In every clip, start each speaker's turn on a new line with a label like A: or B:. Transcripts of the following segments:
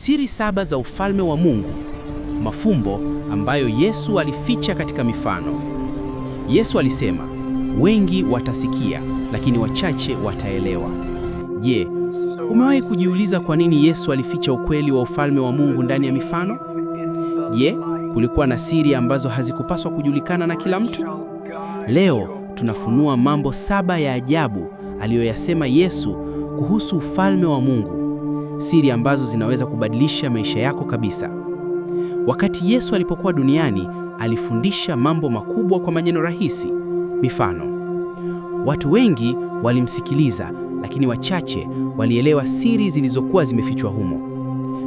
A: Siri saba za ufalme wa Mungu, mafumbo ambayo Yesu alificha katika mifano. Yesu alisema, wengi watasikia lakini wachache wataelewa. Je, umewahi kujiuliza kwa nini Yesu alificha ukweli wa ufalme wa Mungu ndani ya mifano? Je, kulikuwa na siri ambazo hazikupaswa kujulikana na kila mtu? Leo tunafunua mambo saba ya ajabu aliyoyasema Yesu kuhusu ufalme wa Mungu siri ambazo zinaweza kubadilisha maisha yako kabisa. Wakati Yesu alipokuwa duniani, alifundisha mambo makubwa kwa maneno rahisi. Mifano, watu wengi walimsikiliza, lakini wachache walielewa siri zilizokuwa zimefichwa humo.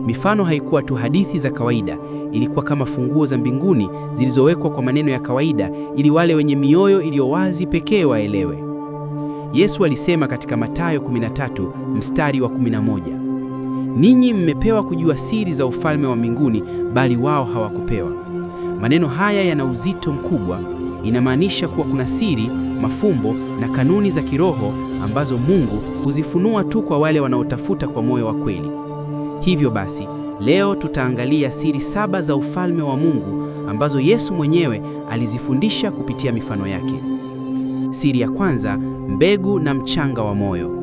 A: Mifano haikuwa tu hadithi za kawaida, ilikuwa kama funguo za mbinguni zilizowekwa kwa maneno ya kawaida ili wale wenye mioyo iliyo wazi pekee waelewe. Yesu alisema katika Mathayo 13 mstari wa 11, ninyi mmepewa kujua siri za ufalme wa mbinguni, bali wao hawakupewa. Maneno haya yana uzito mkubwa. Inamaanisha kuwa kuna siri, mafumbo na kanuni za kiroho ambazo Mungu huzifunua tu kwa wale wanaotafuta kwa moyo wa kweli. Hivyo basi, leo tutaangalia siri saba za ufalme wa Mungu ambazo Yesu mwenyewe alizifundisha kupitia mifano yake. Siri ya kwanza, mbegu na mchanga wa moyo.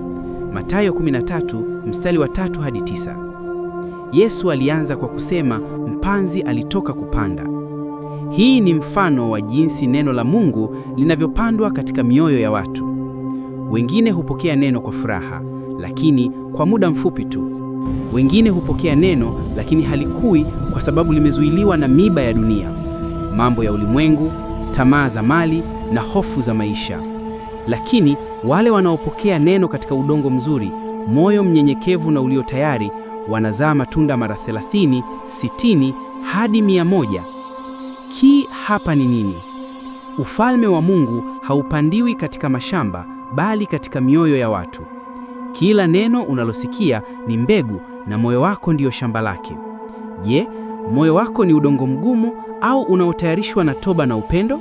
A: Mathayo 13 mstari wa tatu hadi tisa. Yesu alianza kwa kusema mpanzi alitoka kupanda. Hii ni mfano wa jinsi neno la Mungu linavyopandwa katika mioyo ya watu. Wengine hupokea neno kwa furaha, lakini kwa muda mfupi tu. Wengine hupokea neno lakini halikui kwa sababu limezuiliwa na miba ya dunia, mambo ya ulimwengu, tamaa za mali na hofu za maisha. Lakini wale wanaopokea neno katika udongo mzuri, moyo mnyenyekevu na ulio tayari, wanazaa matunda mara 30, 60 hadi 100. Kii hapa ni nini? Ufalme wa Mungu haupandiwi katika mashamba, bali katika mioyo ya watu. Kila neno unalosikia ni mbegu na moyo wako ndiyo shamba lake. Je, moyo wako ni udongo mgumu au unaotayarishwa na toba na upendo?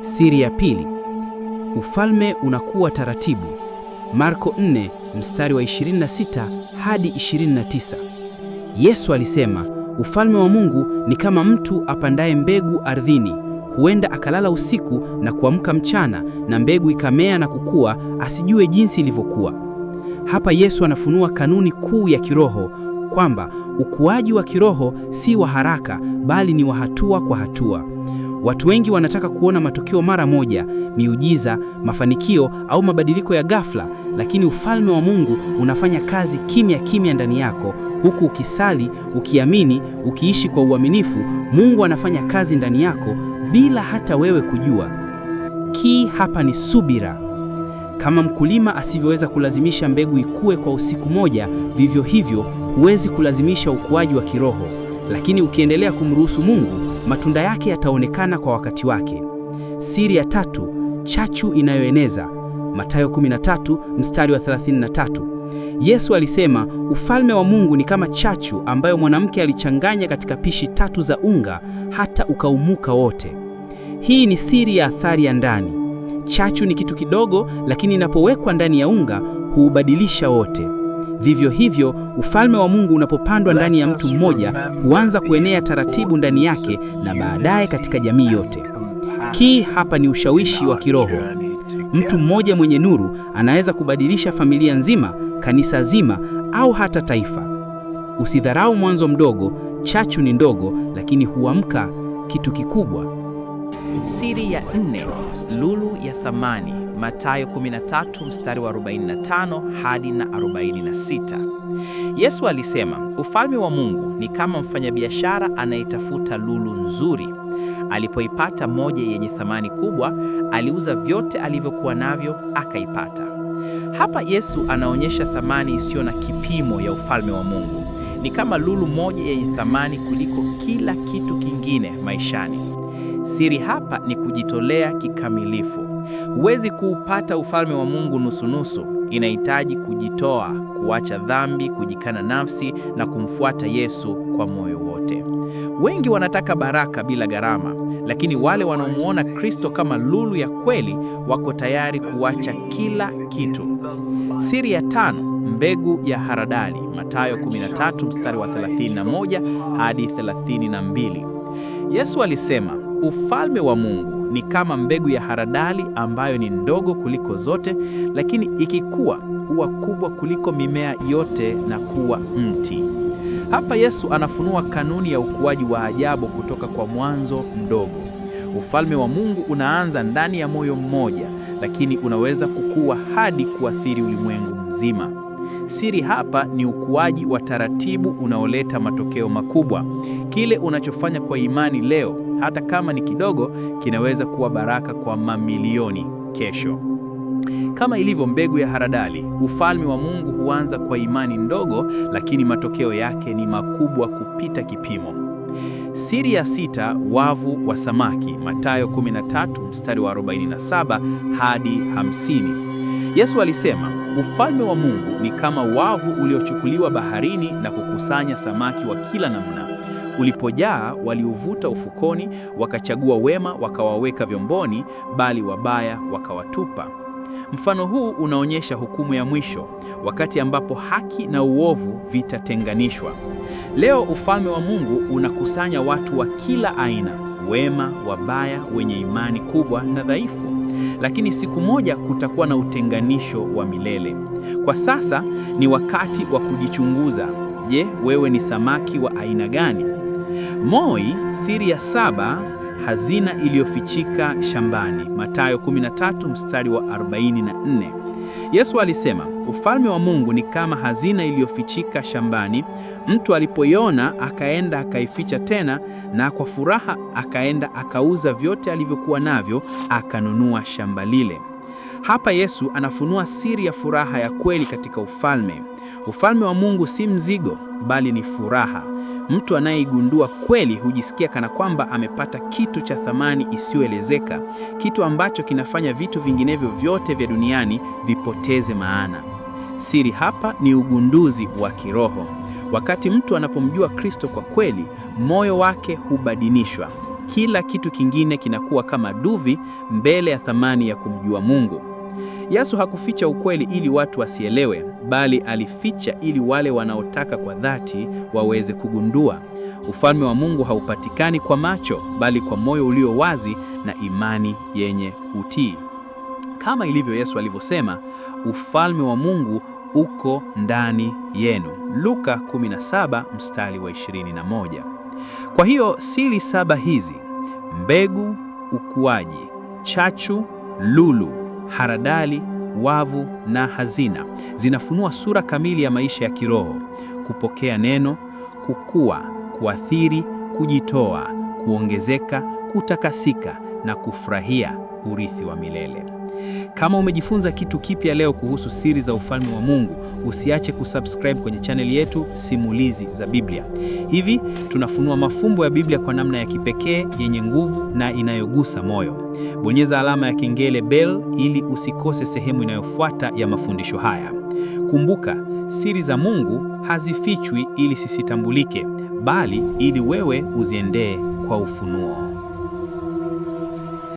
A: Siri ya pili ufalme unakuwa taratibu. Marko 4 mstari wa 26 hadi 29. Yesu alisema, ufalme wa Mungu ni kama mtu apandaye mbegu ardhini. Huenda akalala usiku na kuamka mchana, na mbegu ikamea na kukua, asijue jinsi ilivyokuwa. Hapa Yesu anafunua kanuni kuu ya kiroho kwamba ukuaji wa kiroho si wa haraka, bali ni wa hatua kwa hatua. Watu wengi wanataka kuona matokeo mara moja, miujiza, mafanikio au mabadiliko ya ghafla, lakini ufalme wa Mungu unafanya kazi kimya kimya ndani yako, huku ukisali, ukiamini, ukiishi kwa uaminifu. Mungu anafanya kazi ndani yako bila hata wewe kujua. Kii hapa ni subira. Kama mkulima asivyoweza kulazimisha mbegu ikue kwa usiku moja, vivyo hivyo huwezi kulazimisha ukuaji wa kiroho. Lakini ukiendelea kumruhusu Mungu matunda yake yataonekana kwa wakati wake. Siri ya tatu, chachu inayoeneza, Mathayo 13 mstari wa 33. Yesu alisema ufalme wa Mungu ni kama chachu ambayo mwanamke alichanganya katika pishi tatu za unga hata ukaumuka wote. Hii ni siri ya athari ya ndani. Chachu ni kitu kidogo, lakini inapowekwa ndani ya unga huubadilisha wote. Vivyo hivyo, ufalme wa Mungu unapopandwa ndani ya mtu mmoja, huanza kuenea taratibu ndani yake na baadaye katika jamii yote. Kii hapa ni ushawishi wa kiroho. Mtu mmoja mwenye nuru anaweza kubadilisha familia nzima, kanisa zima au hata taifa. Usidharau mwanzo mdogo, chachu ni ndogo lakini huamka kitu kikubwa. Siri ya nne, lulu ya thamani. Mathayo 13 mstari wa 45 hadi na 46. Yesu alisema, ufalme wa Mungu ni kama mfanyabiashara anayetafuta lulu nzuri. Alipoipata moja yenye thamani kubwa, aliuza vyote alivyokuwa navyo akaipata. Hapa Yesu anaonyesha thamani isiyo na kipimo ya ufalme wa Mungu. Ni kama lulu moja yenye thamani kuliko kila kitu kingine maishani. Siri hapa ni kujitolea kikamilifu. Huwezi kuupata ufalme wa Mungu nusunusu. Inahitaji kujitoa, kuacha dhambi, kujikana nafsi na kumfuata Yesu kwa moyo wote. Wengi wanataka baraka bila gharama, lakini wale wanaomwona Kristo kama lulu ya kweli wako tayari kuacha kila kitu. Siri ya tano: mbegu ya haradali, Mathayo 13 mstari wa 31 hadi 32. Yesu alisema, ufalme wa Mungu ni kama mbegu ya haradali ambayo ni ndogo kuliko zote, lakini ikikua huwa kubwa kuliko mimea yote na kuwa mti. Hapa Yesu anafunua kanuni ya ukuaji wa ajabu kutoka kwa mwanzo mdogo. Ufalme wa Mungu unaanza ndani ya moyo mmoja, lakini unaweza kukua hadi kuathiri ulimwengu mzima. Siri hapa ni ukuaji wa taratibu unaoleta matokeo makubwa. Kile unachofanya kwa imani leo hata kama ni kidogo, kinaweza kuwa baraka kwa mamilioni kesho. Kama ilivyo mbegu ya haradali, ufalme wa Mungu huanza kwa imani ndogo, lakini matokeo yake ni makubwa kupita kipimo. Siri ya sita, wavu wa samaki, Mathayo 13 mstari wa 47 hadi 50. Yesu alisema, ufalme wa Mungu ni kama wavu uliochukuliwa baharini na kukusanya samaki wa kila namna. Ulipojaa waliuvuta ufukoni, wakachagua wema wakawaweka vyomboni, bali wabaya wakawatupa. Mfano huu unaonyesha hukumu ya mwisho, wakati ambapo haki na uovu vitatenganishwa. Leo ufalme wa Mungu unakusanya watu wa kila aina, wema, wabaya, wenye imani kubwa na dhaifu. Lakini siku moja kutakuwa na utenganisho wa milele. Kwa sasa ni wakati wa kujichunguza. Je, wewe ni samaki wa aina gani? Moi, siri ya saba, hazina iliyofichika shambani, Mathayo 13 mstari wa 44. Yesu alisema, ufalme wa Mungu ni kama hazina iliyofichika shambani. Mtu alipoiona akaenda akaificha tena, na kwa furaha akaenda akauza vyote alivyokuwa navyo akanunua shamba lile. Hapa Yesu anafunua siri ya furaha ya kweli katika ufalme. Ufalme wa Mungu si mzigo, bali ni furaha. Mtu anayeigundua kweli hujisikia kana kwamba amepata kitu cha thamani isiyoelezeka, kitu ambacho kinafanya vitu vinginevyo vyote vya duniani vipoteze maana. Siri hapa ni ugunduzi wa kiroho. Wakati mtu anapomjua Kristo kwa kweli, moyo wake hubadilishwa. Kila kitu kingine kinakuwa kama duvi mbele ya thamani ya kumjua Mungu. Yesu hakuficha ukweli ili watu wasielewe, bali alificha ili wale wanaotaka kwa dhati waweze kugundua. Ufalme wa Mungu haupatikani kwa macho, bali kwa moyo ulio wazi na imani yenye utii. Kama ilivyo Yesu alivyosema, ufalme wa Mungu uko ndani yenu. Luka 17 mstari wa 21. Kwa hiyo siri saba hizi: mbegu, ukuaji, chachu, lulu haradali, wavu na hazina zinafunua sura kamili ya maisha ya kiroho: kupokea neno, kukua, kuathiri, kujitoa, kuongezeka, kutakasika na kufurahia urithi wa milele. Kama umejifunza kitu kipya leo kuhusu siri za ufalme wa Mungu, usiache kusubscribe kwenye chaneli yetu Simulizi za Biblia. Hivi tunafunua mafumbo ya Biblia kwa namna ya kipekee, yenye nguvu na inayogusa moyo. Bonyeza alama ya kengele bell ili usikose sehemu inayofuata ya mafundisho haya. Kumbuka, siri za Mungu hazifichwi ili sisitambulike, bali ili wewe uziendee kwa ufunuo.